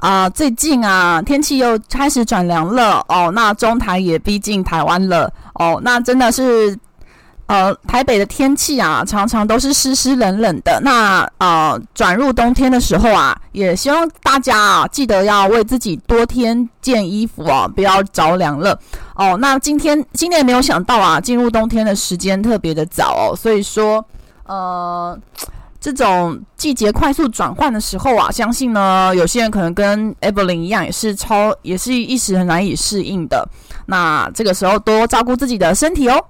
啊、呃，最近啊，天氣又開始轉涼了哦。那中台也逼近台灣了哦。那真的是，呃，台北的天氣啊，常常都是濕濕冷冷的。那啊、呃，轉入冬天的時候啊，也希望大家啊，記得要為自己多添件衣服啊，不要着涼了哦。那今天今年沒有想到啊，進入冬天的時間特別的早哦，所以說，呃。這種季節快速轉換的時候啊，相信呢，有些人可能跟 Evelyn 一樣，也是超，也是一時很難以適應的。那這個時候多照顧自己的身體哦。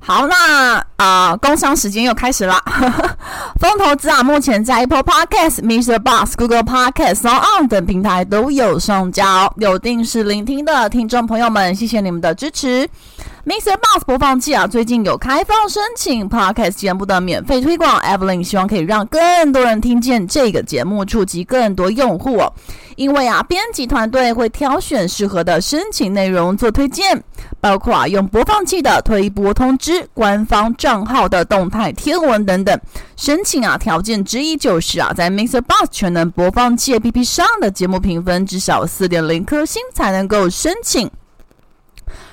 好，那啊、呃，工商時間又開始了。 風投資啊，目前在 Apple Podcast、Mr. Buzz、Google Podcast、SoundOn 等平台都有上架，有定時聆聽的聽眾朋友們，謝謝你們的支持。MixerBox 播放器啊，最近有開放申請 Podcast 節目的免費推廣。Evelyn 希望可以讓更多人聽見這個節目，觸及更多用戶哦。因為啊，編輯團隊會挑選適合的申請內容做推薦，包括啊用播放器的推播通知、官方賬號的動態貼文等等。申請啊條件之一就是啊，在 MixerBox 全能播放器 APP 上的節目評分至少四點零顆星才能夠申請。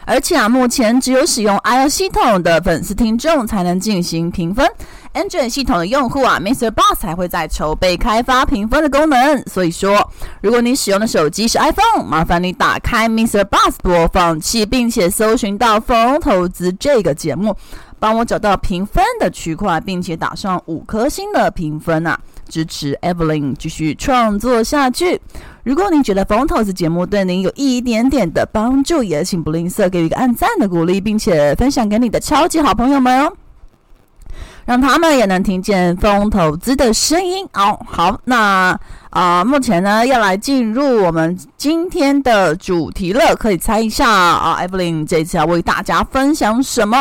而且啊，目前只有使用 iOS 系統的粉絲聽眾才能進行評分，Android 系統的用戶啊，Mr. Boss 還會在籌備開發評分的功能。所以說，如果你使用的手機是 iPhone，麻煩你打開 Mr. Boss 播放器，並且搜尋到“瘋投資”這個節目，幫我找到評分的區塊，並且打上五顆星的評分啊，支持 Evelyn 繼續創作下去。如果您覺得風投資節目對您有一點點的幫助，也請不吝嗇給一個按讚的鼓勵，並且分享給你的超級好朋友們哦，讓他們也能聽見風投資的聲音哦。好，那啊、呃，目前呢要來進入我們今天的主題了，可以猜一下啊，Evelyn 這次要為大家分享什麼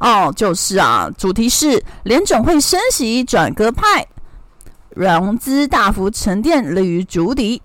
哦？就是啊，主題是聯準會升息轉鴿派，融資大幅沉澱利於築底。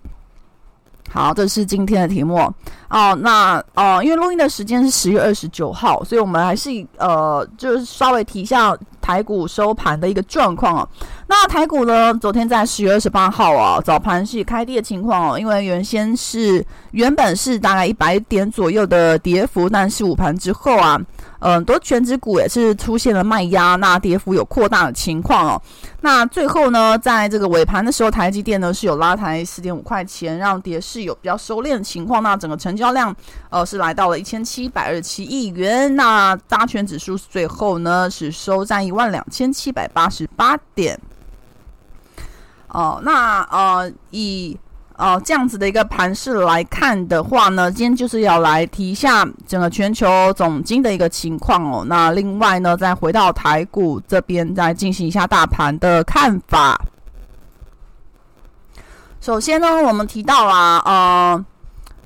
好，這是今天的題目。哦，那呃，因為錄音的時間是十月二十九號，所以我們還是呃，就是稍微提一下台股收盤的一個狀況哦。那台股呢，昨天在十月二十八號哦、啊，早盤是開跌的情況哦，因為原先是原本是大概一百點左右的跌幅，但是午盤之後啊，呃，很多權值股也是出現了賣壓，那跌幅有擴大的情況哦。那最後呢，在這個尾盤的時候，台積電呢是有拉抬十點五塊錢，讓跌勢有比較收斂的情況，那整個成交。銷量，呃，是來到了一千七百二十七億元。那大全指數最後呢是收在一萬兩千七百八十八點。哦、呃，那呃，以呃這樣子的一個盤勢來看的話呢，今天就是要來提一下整個全球總經的一個情況哦。那另外呢，再回到台股這邊，再進行一下大盤的看法。首先呢，我們提到啊，呃。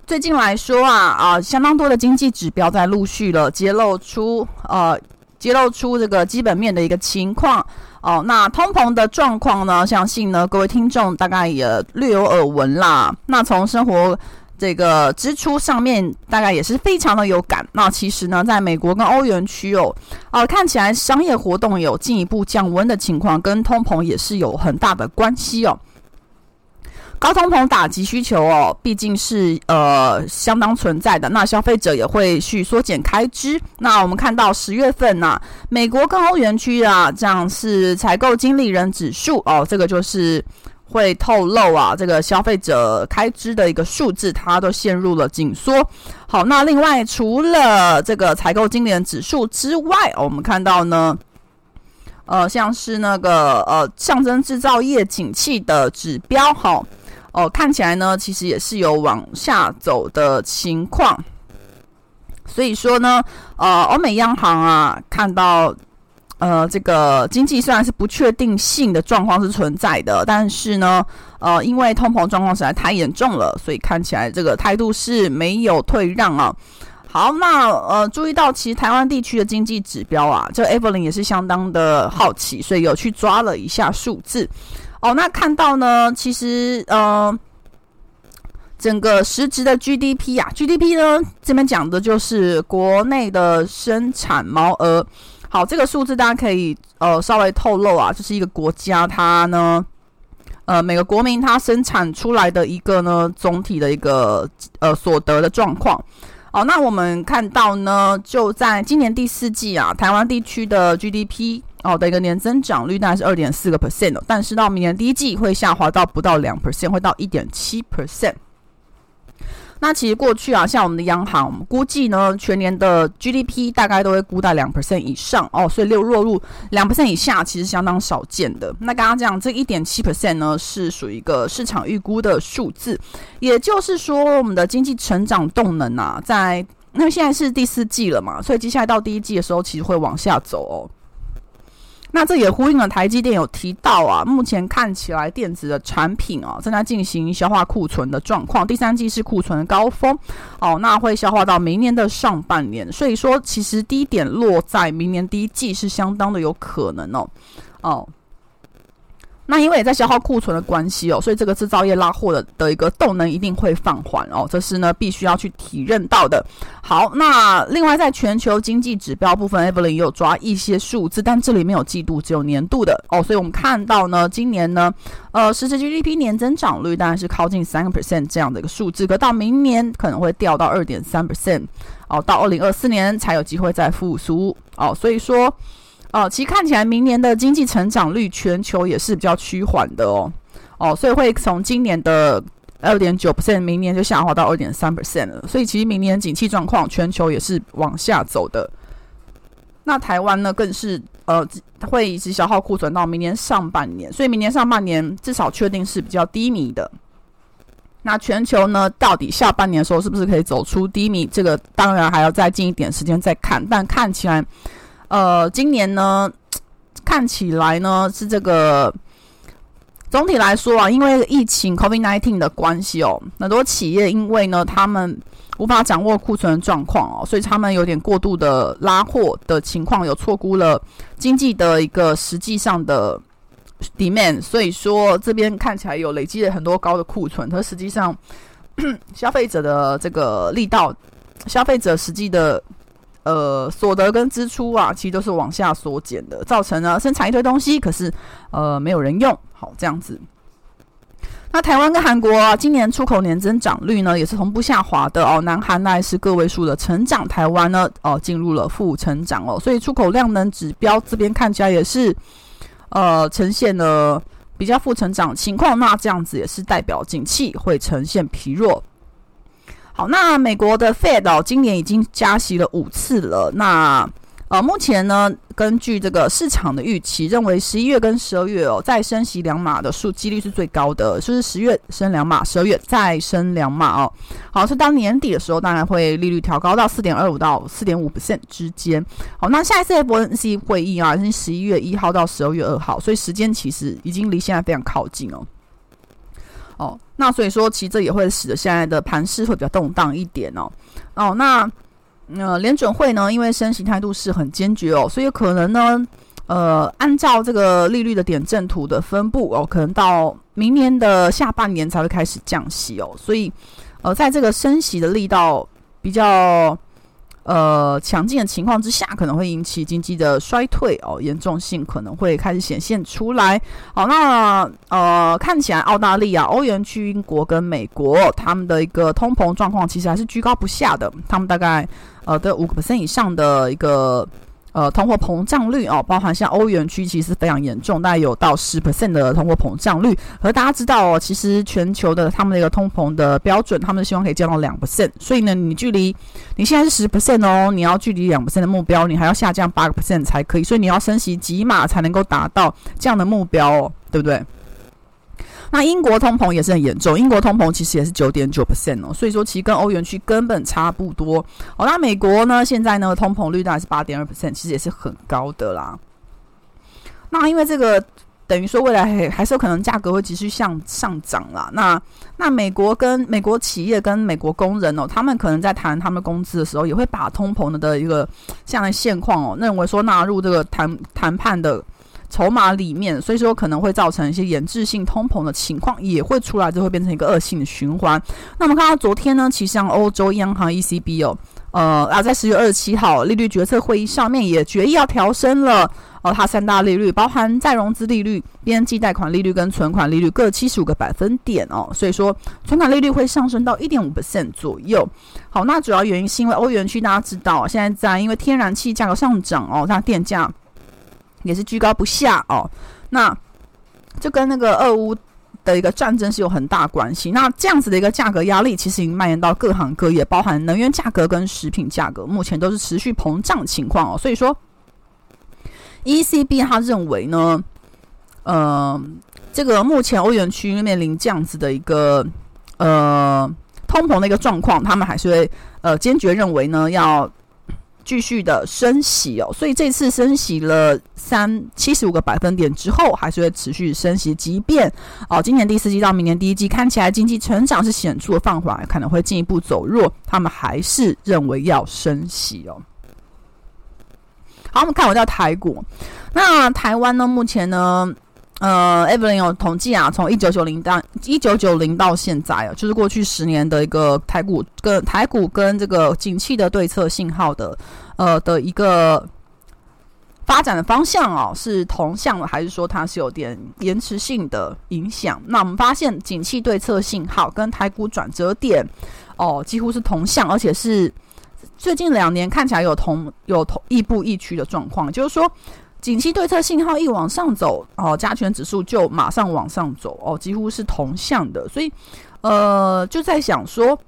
最近來說啊啊、呃，相當多的經濟指標在陸續了，揭露出呃，揭露出這個基本面的一個情況哦、呃。那通膨的狀況呢，相信呢各位聽眾大概也略有耳聞啦。那從生活這個支出上面，大概也是非常的有感。那其實呢，在美國跟歐元區哦，哦、呃，看起來商業活動有進一步降溫的情況，跟通膨也是有很大的關係哦。高通膨打擊需求哦，畢竟是呃相當存在的。那消費者也會去縮減開支。那我們看到十月份吶、啊，美國高原區啊，這樣是採購經理人指數哦，這個就是會透露啊，這個消費者開支的一個數字，它都陷入了緊縮。好，那另外除了這個採購經理人指數之外、哦，我們看到呢，呃，像是那個呃，象徵製造業景氣的指標哈。哦哦，看起來呢，其實也是有往下走的情況，所以說呢，呃，歐美央行啊，看到，呃，這個經濟雖然是不確定性的狀況是存在的，但是呢，呃，因為通膨狀況實在太嚴重了，所以看起來這個態度是沒有退讓啊。好，那呃，注意到其實台灣地區的經濟指標啊，這 Evelyn 也是相當的好奇，所以有去抓了一下數字。哦，那看到呢，其實呃，整個實質的 GDP 啊，GDP 呢，這邊講的就是國內的生產毛額。好，這個數字大家可以呃稍微透露啊，就是一個國家它呢呃每個國民它生產出來的一個呢總體的一個呃所得的狀況。哦，那我們看到呢，就在今年第四季啊，台灣地區的 GDP。好、哦、的一個年增長率大概是二點四個 percent，但是到明年第一季會下滑到不到兩 percent，會到一點七 percent。那其實過去啊，像我們的央行，我們估計呢，全年的 GDP 大概都會估在兩 percent 以上哦，所以六落入兩 percent 以下，其實相當少見的。那剛剛講這一點七 percent 呢，是屬於一個市場預估的數字，也就是說，我們的經濟成長動能啊，在那現在是第四季了嘛，所以接下來到第一季的時候，其實會往下走哦。那這也呼應了台積電有提到啊，目前看起來電子的產品啊，正在進行消化庫存的狀況，第三季是庫存高峰，哦，那會消化到明年的上半年，所以說其實低點落在明年第一季是相當的有可能哦，哦。那因為也在消耗庫存的關係哦，所以這個制造業拉貨的的一個動能一定會放緩哦，這是呢必須要去體認到的。好，那另外在全球經濟指標部分，Evelyn 也有抓一些數字，但這裡沒有季度，只有年度的哦，所以我們看到呢，今年呢，呃，實際 GDP 年增長率當然是靠近三個 percent 這樣的一個數字，可到明年可能會掉到二點三 percent 哦，到二零二四年才有機會再復甦哦，所以說。哦，其實看起來明年的經濟成長率全球也是比較趨緩的哦，哦，所以會從今年的二點九 percent，明年就下滑到二點三 percent 了。所以其實明年景氣狀況全球也是往下走的。那台灣呢，更是呃會一直消耗庫存到明年上半年，所以明年上半年至少確定是比較低迷的。那全球呢，到底下半年的時候是不是可以走出低迷？這個當然還要再近一點時間再看，但看起來。呃，今年呢，看起來呢是這個總體來說啊，因為疫情 （COVID-19） 的關係哦，很多企業因為呢他們無法掌握庫存的狀況哦，所以他們有點過度的拉貨的情況，有錯估了經濟的一個實際上的 demand，所以說這邊看起來有累積了很多高的庫存，而實際上呵呵消費者的這個力道，消費者實際的。呃，所得跟支出啊，其實都是往下縮減的，造成了生產一堆東西，可是呃沒有人用。好，這樣子。那台灣跟韓國啊，今年出口年增長率呢，也是同步下滑的哦。南韓大概是個位數的成長，台灣呢哦，呃，進入了負成長哦，所以出口量能指標這邊看起來也是呃呈現了比較負成長情況。那這樣子也是代表景氣會呈現疲弱。好，那美國的 Fed 哦，今年已經加息了五次了。那呃，目前呢，根據這個市場的預期，認為十一月跟十二月哦再升息，兩碼的數幾率是最高的，就是十月升兩碼，十二月再升兩碼哦。好，所以當年底的時候，當然會利率調高到四點二五到四點五 percent 之間。好，那下一次的 FOMC 會議啊，是十一月一號到十二月二號，所以時間其實已經離現在非常靠近哦。哦，那所以說，其實這也會使得現在的盤勢會比較動盪一點哦。哦，那呃，聯準會呢，因為升息態度是很堅決哦，所以可能呢，呃，按照這個利率的點陣圖的分布哦，可能到明年的下半年才會開始降息哦。所以，呃，在這個升息的力道比較。呃，強勁的情況之下，可能會引起經濟的衰退哦，嚴重性可能會開始顯現出來。好，哦，那呃，看起來澳大利亞、歐元區、英國跟美國他們的一個通膨狀況，其實還是居高不下的，他們大概呃的五個 percent 以上的一個。呃，通貨膨脹率哦，包含像歐元區其實非常嚴重，大概有到十 percent 的通貨膨脹率。而大家知道哦，其實全球的他們的一個通膨的標準，他們希望可以降到兩 percent。所以呢，你距離你現在是十 percent 哦，你要距離兩 percent 的目標，你還要下降八個 percent 才可以。所以你要升息幾碼才能夠達到這樣的目標哦，對不對？那英國通膨也是很嚴重，英國通膨其實也是九點九%哦，所以說其實跟歐元區根本差不多哦。那美國呢，現在呢通膨率大概是八點二%，其實也是很高的啦。那因為這個等於說未來還是有可能價格會繼續向上上漲啦。那那美國跟美國企業跟美國工人哦，他們可能在談他們工資的時候，也會把通膨的一個這樣的現況哦，認為說納入這個談談判的。籌碼裡面，所以說可能會造成一些停滯性通膨的情況也會出來，就會變成一個惡性的循環。那我們看到昨天呢，其實像歐洲央行 ECB 哦，呃啊在十月二十七號利率決策會議上面也決議要調升了哦，它三大利率包含再融資利率、邊際貸款利率跟存款利率各七十五個百分點哦，所以說存款利率會上升到一點五 percent 左右。好，那主要原因是因為歐元區大家知道現在在因為天然氣價格上漲哦，它電價。也是居高不下哦，那就跟那個俄烏的一個戰爭是有很大關係。那這樣子的一個價格壓力，其實已經蔓延到各行各業，包含能源價格跟食品價格，目前都是持續膨脹情況哦。所以說，ECB 他認為呢，呃，這個目前歐元區面臨這樣子的一個呃通膨的一個狀況，他們還是會呃堅決認為呢要。繼續的升息哦，所以這次升息了三七十五個百分點之後，還是會持續升息。即便哦，今年第四季到明年第一季看起來經濟成長是顯著的放緩，可能會進一步走弱，他們還是認為要升息哦。好，我們看回到台股，那台灣呢？目前呢？呃，Evelyn 有統計啊，從一九九零到一九九零到現在啊，就是過去十年的一個台股跟台股跟這個景氣的對策信號的，呃的一個發展的方向哦、啊，是同向的，還是說它是有點延遲性的影響？那我們發現景氣對策信號跟台股轉折點哦，幾乎是同向，而且是最近兩年看起來有同有同亦步亦趨的狀況，就是說。景氣對策信號一往上走，哦，加權指數就馬上往上走，哦，幾乎是同向的，所以，呃，就在想說，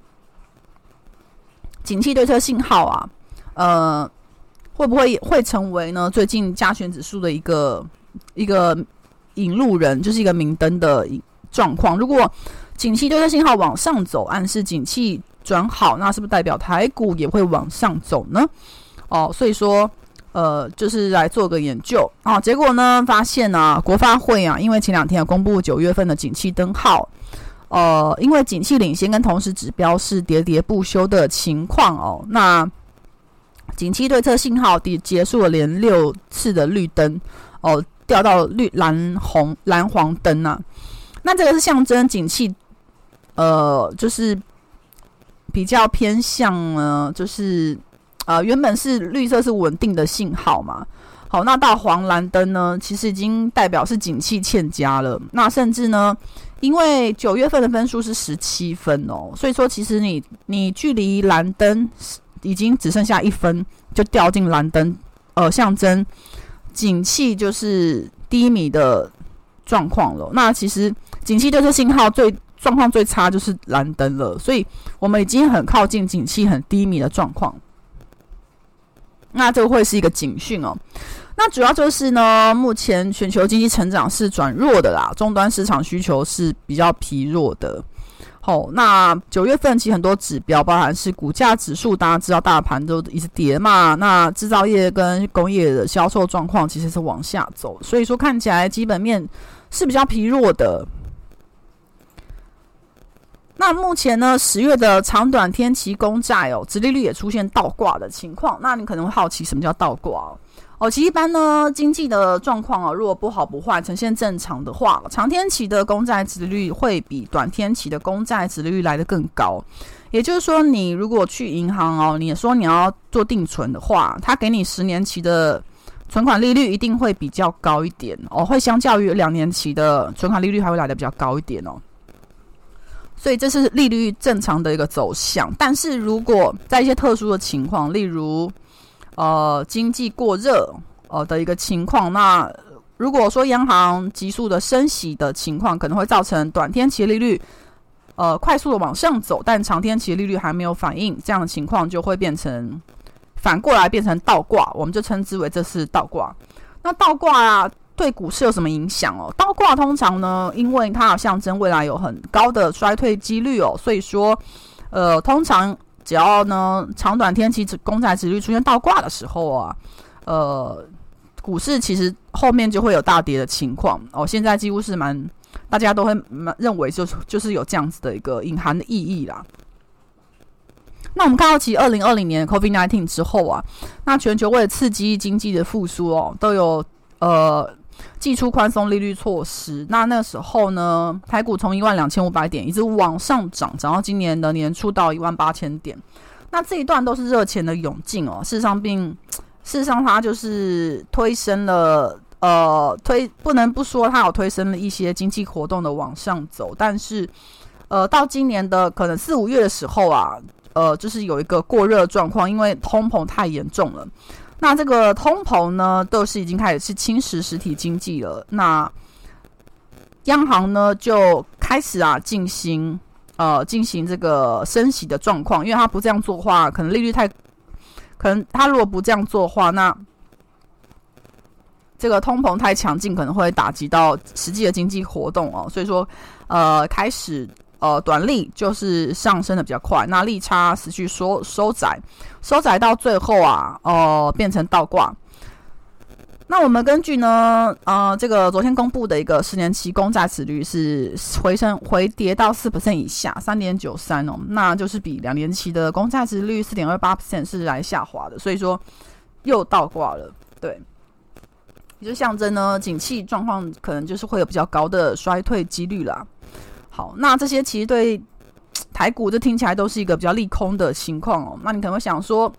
景氣對策信號啊，呃，會不會會成為呢最近加權指數的一個一個引路人，就是一個明燈的狀況？如果景氣對策信號往上走，暗示景氣轉好，那是不是代表台股也會往上走呢？哦，所以說。呃，就是來做個研究啊，結果呢發現呢、啊，國發會啊，因為前兩天有公布九月份的景氣燈號，呃，因為景氣領先跟同時指標是跌跌不休的情況哦，那景氣對策信號就結束了連六次的綠燈哦、呃，掉到綠藍紅藍黃燈啊。那這個是象徵景氣，呃，就是比較偏向呢、呃，就是。啊、呃，原本是綠色是穩定的信號嘛。好，那到黃藍燈呢，其實已經代表是景氣欠佳了。那甚至呢，因為九月份的分數是十七分哦，所以說其實你你距離藍燈已經只剩下一分，就掉進藍燈，呃，象徵景氣就是低迷的狀況了。那其實景氣對策信號最狀況最差就是藍燈了，所以我們已經很靠近景氣很低迷的狀況。那這個會是一個警訊哦。那主要就是呢，目前全球經濟成長是轉弱的啦，終端市場需求是比較疲弱的。好、哦，那九月份其實很多指標，包含是股價指數，大家知道大盤都一直跌嘛。那製造業跟工業的銷售狀況其實是往下走，所以說看起來基本面是比較疲弱的。那目前呢，十月的長短天期公債哦，殖利率也出現倒掛的情況。那你可能會好奇，什麼叫倒掛哦？哦，其實一般呢，經濟的狀況哦，如果不好不壞，呈現正常的話，長天期的公債殖利率會比短天期的公債殖利率來得更高。也就是說，你如果去銀行哦，你也說你要做定存的話，它給你十年期的存款利率一定會比較高一點哦，會相較於兩年期的存款利率還會來得比較高一點哦。所以這是利率正常的一個走向，但是如果在一些特殊的情況，例如，呃，經濟過熱呃的一個情況，那如果說央行急速的升息的情況，可能會造成短天期利率呃快速的往上走，但長天期利率還沒有反應，這樣的情況就會變成反過來變成倒掛，我們就稱之為這是倒掛。那倒掛啊。對股市有什麼影響哦？倒掛通常呢，因為它象徵未來有很高的衰退幾率哦，所以說，呃，通常只要呢長短天期指公債殖率出現倒掛的時候啊，呃，股市其實後面就會有大跌的情況哦。現在幾乎是蠻大家都會認為，就是就是有這樣子的一個隱含的意義啦。那我們看到，其二零二零年的 Covid nineteen 之後啊，那全球為了刺激經濟的復甦哦，都有呃。祭出寬鬆利率措施，那那時候呢，台股從一萬兩千五百點一直往上漲，漲到今年的年初到一萬八千點。那這一段都是熱錢的湧進哦。事實上並、並事實上它就是推升了，呃，推不能不說它有推升了一些經濟活動的往上走。但是，呃，到今年的可能四五月的時候啊，呃，就是有一個過熱的狀況，因為通膨太嚴重了。那這個通膨呢，都是已經開始是侵蝕實體經濟了。那央行呢，就開始啊進行呃進行這個升息的狀況，因為他不這樣做的話，可能利率太，可能他如果不這樣做的話，那這個通膨太強勁，可能會打擊到實際的經濟活動哦。所以說，呃，開始。呃，短利就是上升的比較快，那利差持續收收窄，收窄到最後啊，哦、呃，變成倒掛。那我們根據呢，呃，這個昨天公布的一個十年期公債殖率是回升回跌到四 percent 以下，三點九三哦，那就是比兩年期的公債殖率四點二八 percent 是來下滑的，所以說又倒掛了，對。也就象徵呢，景氣狀況可能就是會有比較高的衰退幾率啦。那這些其實對台股，這聽起來都是一個比較利空的情況哦。那你可能會想說，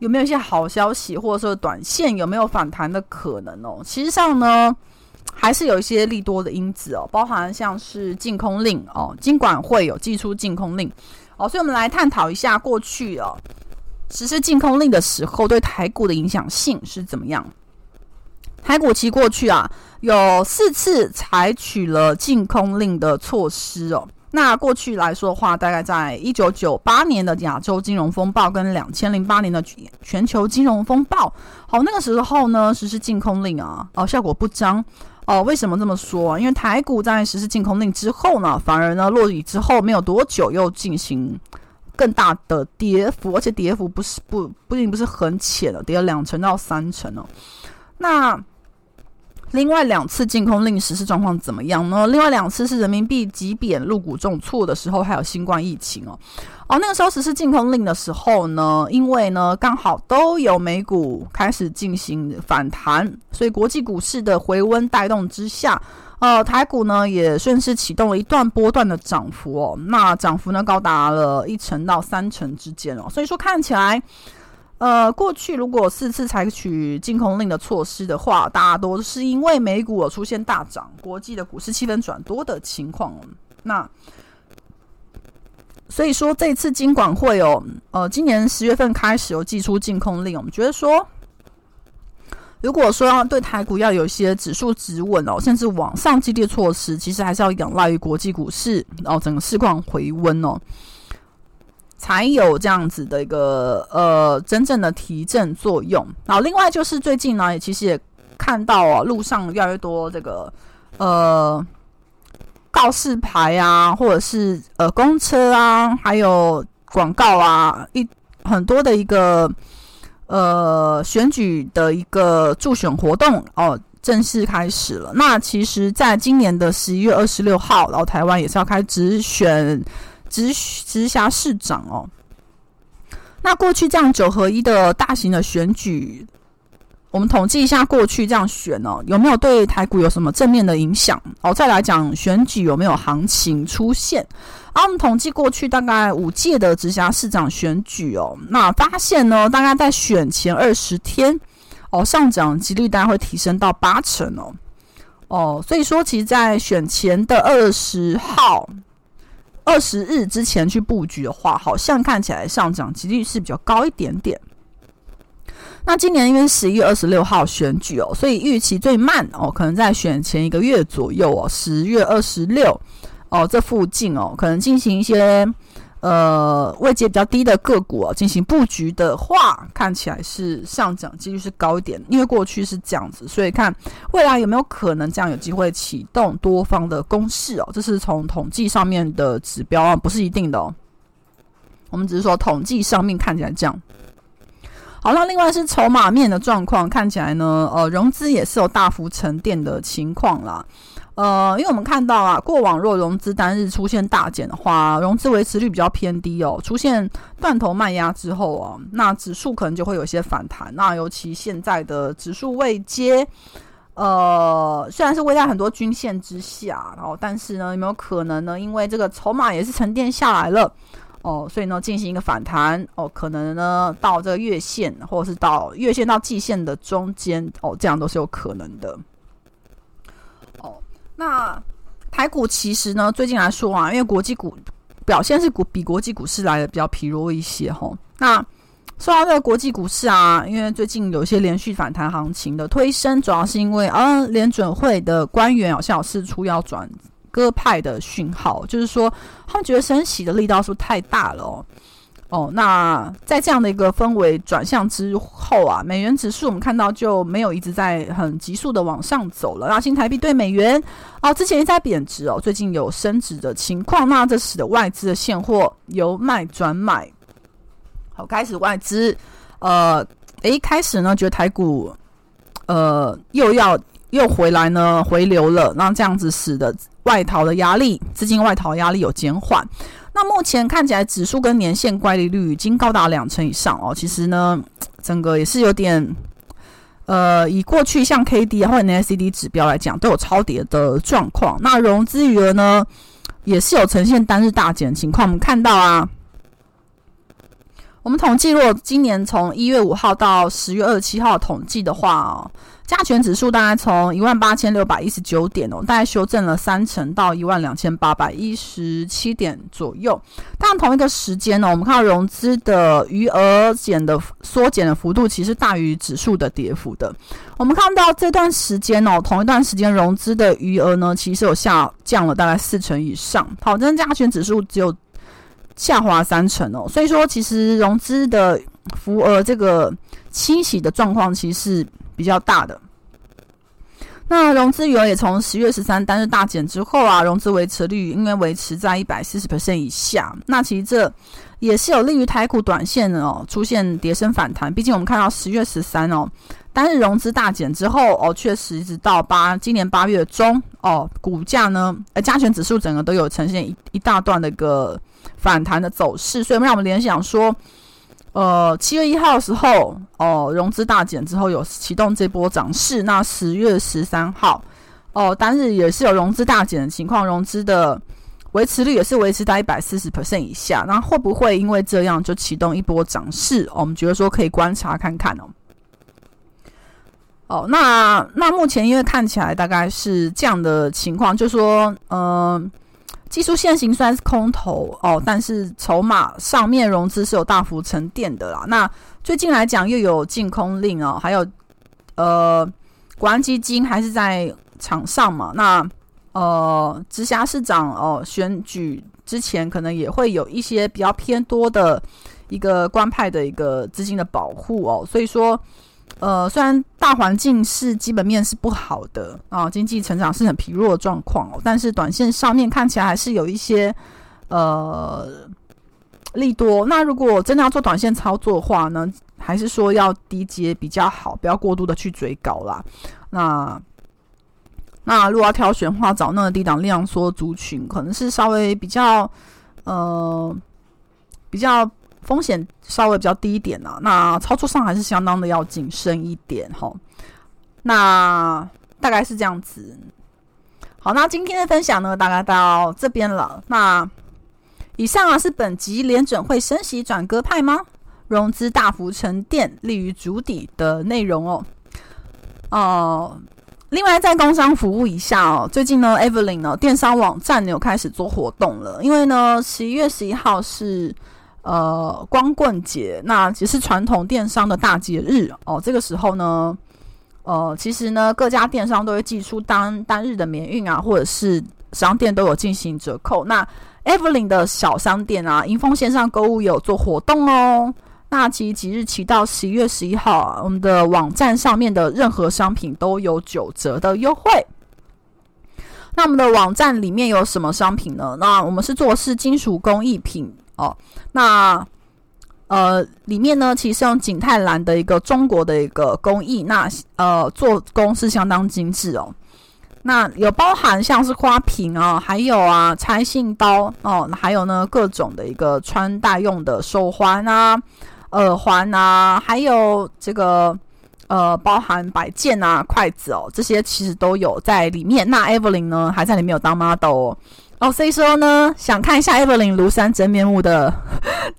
有沒有一些好消息，或者說短線有沒有反彈的可能哦？其實上呢，還是有一些利多的因子哦，包含像是禁空令哦，金管會有寄出禁空令哦，所以我們來探討一下過去哦實施禁空令的時候，對台股的影響性是怎麼樣台股期過去啊，有四次採取了禁空令的措施哦。那過去來說的話，大概在一九九八年的亞洲金融風暴跟兩千零八年的全球金融風暴，好，那個時候呢實施禁空令啊，哦、呃，效果不彰哦、呃。為什麼這麼說？因為台股在實施禁空令之後呢，反而呢落雨之後沒有多久又進行更大的跌幅，而且跌幅不是不不一定不是很淺的，跌了兩成到三成哦。那另外兩次禁空令實施狀況怎麼樣呢？另外兩次是人民幣急貶、入股重挫的時候，還有新冠疫情哦。哦，那個時候實施禁空令的時候呢，因為呢剛好都有美股開始進行反彈，所以國際股市的回溫帶動之下，呃，台股呢也順勢啟動了一段波段的漲幅哦。那漲幅呢高達了一成到三成之間哦，所以說看起來。呃，過去如果四次採取禁空令的措施的話，大多是因為美股有出現大漲，國際的股市氣氛轉多的情況。那所以說，這次金管會哦，呃，今年十月份開始有祭出禁空令，我們覺得說，如果說要對台股要有一些指數止穩哦，甚至往上激烈措施，其實還是要仰賴於國際股市然後哦，整個市況回溫哦。才有這樣子的一個呃真正的提振作用。然後另外就是最近呢，也其實也看到啊，路上越來越多這個呃告示牌啊，或者是呃公車啊，還有廣告啊，一很多的一個呃選舉的一個助選活動哦、呃，正式開始了。那其實在今年的十一月二十六號，然後台灣也是要開直選。直直轄市長哦，那過去這樣九合一的大型的選舉，我們統計一下過去這樣選呢、哦，有沒有對台股有什麼正面的影響？哦，再來講選舉有沒有行情出現？啊，我們統計過去大概五屆的直轄市長選舉哦，那發現呢，大概在選前二十天哦，上漲幾率大概會提升到八成哦。哦，所以說其實在選前的二十號。二十日之前去布局的話，好像看起來上漲幾率是比較高一點點。那今年因為十一月二十六號選舉哦，所以預期最慢哦，可能在選前一個月左右哦，十月二十六哦這附近哦，可能進行一些。呃，位階比較低的個股哦，進行布局的話，看起來是上漲幾率是高一點，因為過去是這樣子，所以看未來有沒有可能這樣有機會啟動多方的攻勢哦。這是從統計上面的指標啊，不是一定的哦。我們只是說統計上面看起來這樣。好，那另外是籌碼面的狀況，看起來呢，呃，融資也是有大幅沉澱的情況啦，呃，因為我們看到啊，過往若融資單日出現大減的話，融資維持率比較偏低哦，出現斷頭賣壓之後哦，那指數可能就會有些反彈，那尤其現在的指數位階，呃，雖然是位在很多均線之下，然後哦，但是呢，有沒有可能呢？因為這個籌碼也是沉澱下來了。哦，所以呢，進行一個反彈哦，可能呢到這個月線，或者是到月線到季線的中間哦，這樣都是有可能的。哦，那台股其實呢，最近來說啊，因為國際股表現是股比國際股市來的比較疲弱一些哦，那說到這個國際股市啊，因為最近有些連續反彈行情的推升，主要是因為嗯，聯準會的官員好像有事出要轉。鴿派的訊號，就是說他們覺得升息的力道是不是太大了哦？哦，那在這樣的一個氛圍轉向之後啊，美元指數我們看到就沒有一直在很急速的往上走了。那新台幣對美元哦，之前也在貶值哦，最近有升值的情況，啊，那這使得外資的現貨由賣轉買，好，開始外資呃，誒，開始呢，覺得台股呃又要又回來呢，回流了，那這樣子使得。外逃的壓力，資金外逃壓力有減緩。那目前看起來，指數跟年線乖離率已經高達兩成以上哦。其實呢，整個也是有點，呃，以過去像 K D 啊或者 MACD 指標來講，都有超跌的狀況。那融資餘額呢，也是有呈現單日大減的情況。我們看到啊，我們統計，如果今年從一月五號到十月二十七號統計的話，哦。加權指數大概從一萬八千六百一十九點哦，大概修正了三成到一萬兩千八百一十七點左右。但同一個時間呢，我們看到融資的餘額減的縮減的幅度其實大於指數的跌幅的。我們看到這段時間哦，同一段時間融資的餘額呢，其實有下降了大概四成以上，好，真加權指數只有下滑三成哦。所以說，其實融資的浮額這個清洗的狀況其實。比較大的，那融資餘額也從十月十三單日大減之後啊，融資維持率應該維持在一百四十 percent 以下。那其實這也是有利於台股短線哦出現跌深反彈。畢竟我們看到十月十三哦單日融資大減之後哦，確實一直到八今年八月中哦股價呢，呃加權指數整個都有呈現一一大段的一個反彈的走勢。所以讓我們聯想說。呃，七月一號的時候，哦，融資大減之後有啟動這波漲勢。那十月十三號，哦，當日也是有融資大減的情況，融資的維持率也是維持在一百四十 percent 以下。那會不會因為這樣就啟動一波漲勢？哦、我們覺得說可以觀察看看哦。哦，那那目前因為看起來大概是這樣的情況，就說，嗯、呃。技術線型雖然是空頭哦，但是籌碼上面融資是有大幅沉澱的啦。那最近來講又有禁空令哦，還有呃，國安基金還是在場上嘛。那呃，直轄市長哦選舉之前可能也會有一些比較偏多的一個官派的一個資金的保護哦，所以說。呃，雖然大環境是基本面是不好的啊，經濟成長是很疲弱的狀況哦，但是短線上面看起來還是有一些呃利多。那如果真的要做短線操作的話呢，還是說要低接比較好，不要過度的去追高啦。那那如果要挑選的話，找那個低檔量縮族群，可能是稍微比較呃比較。風險稍微比較低一點呢、啊，那操作上還是相當的要謹慎一點吼，那大概是這樣子。好，那今天的分享呢，大概到這邊了。那以上啊是本集聯準會升息轉鴿派嗎？融資大幅沉澱，利於築底的內容哦。哦、呃，另外在工商服務一下哦。最近呢，Evelyn 呢，電商網站有開始做活動了，因為呢，十一月十一號是。呃，光棍節，那其實傳統電商的大節日哦。這個時候呢，呃，其實呢，各家電商都會寄出當當日的免運啊，或者是商店都有進行折扣。那 Evelyn 的小商店啊，瑩豐線上購物有做活動哦。那即即日起到十一月十一號，啊，我們的網站上面的任何商品都有九折的優惠。那我們的網站裡面有什麼商品呢？那我們是做的是金屬工藝品。哦，那呃裡面呢，其實是用景泰藍的一個中國的一個工藝，那呃做工是相當精緻哦。那有包含像是花瓶啊，哦，還有啊拆信刀哦，還有呢各種的一個穿戴用的手環啊、耳環啊，還有這個呃包含擺件啊、筷子哦，這些其實都有在裡面。那 Evelyn 呢還在裡面有當 model 哦。哦，所以說呢，想看一下 Evelyn 廬山真面目的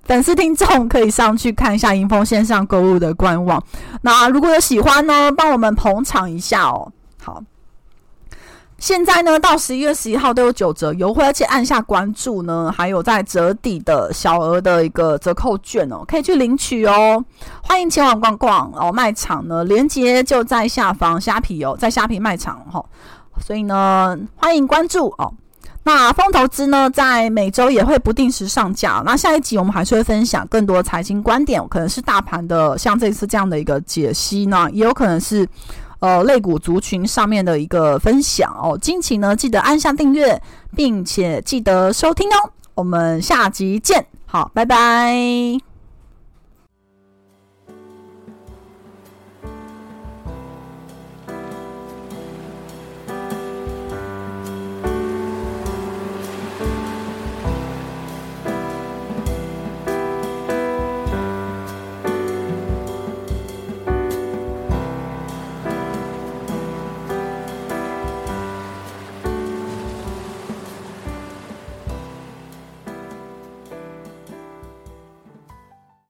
粉絲聽眾可以上去看一下瑩豐線上購物的官網。那如果有喜歡呢，幫我們捧場一下哦。好，現在呢，到十一月十一號都有九折優惠，而且按下關注呢，還有在折抵的小額的一個折扣券哦，可以去領取哦。歡迎前往逛逛哦，賣場呢，連結就在下方蝦皮哦，在蝦皮賣場哈、哦。所以呢，歡迎關注哦。那瘋投資呢，在每週也會不定時上架。那下一集我們還是會分享更多財經觀點，可能是大盤的，像這次這樣的一個解析呢，也有可能是，呃，類股族群上面的一個分享哦。敬請呢，記得按下訂閱，並且記得收聽哦。我們下集見，好，拜拜。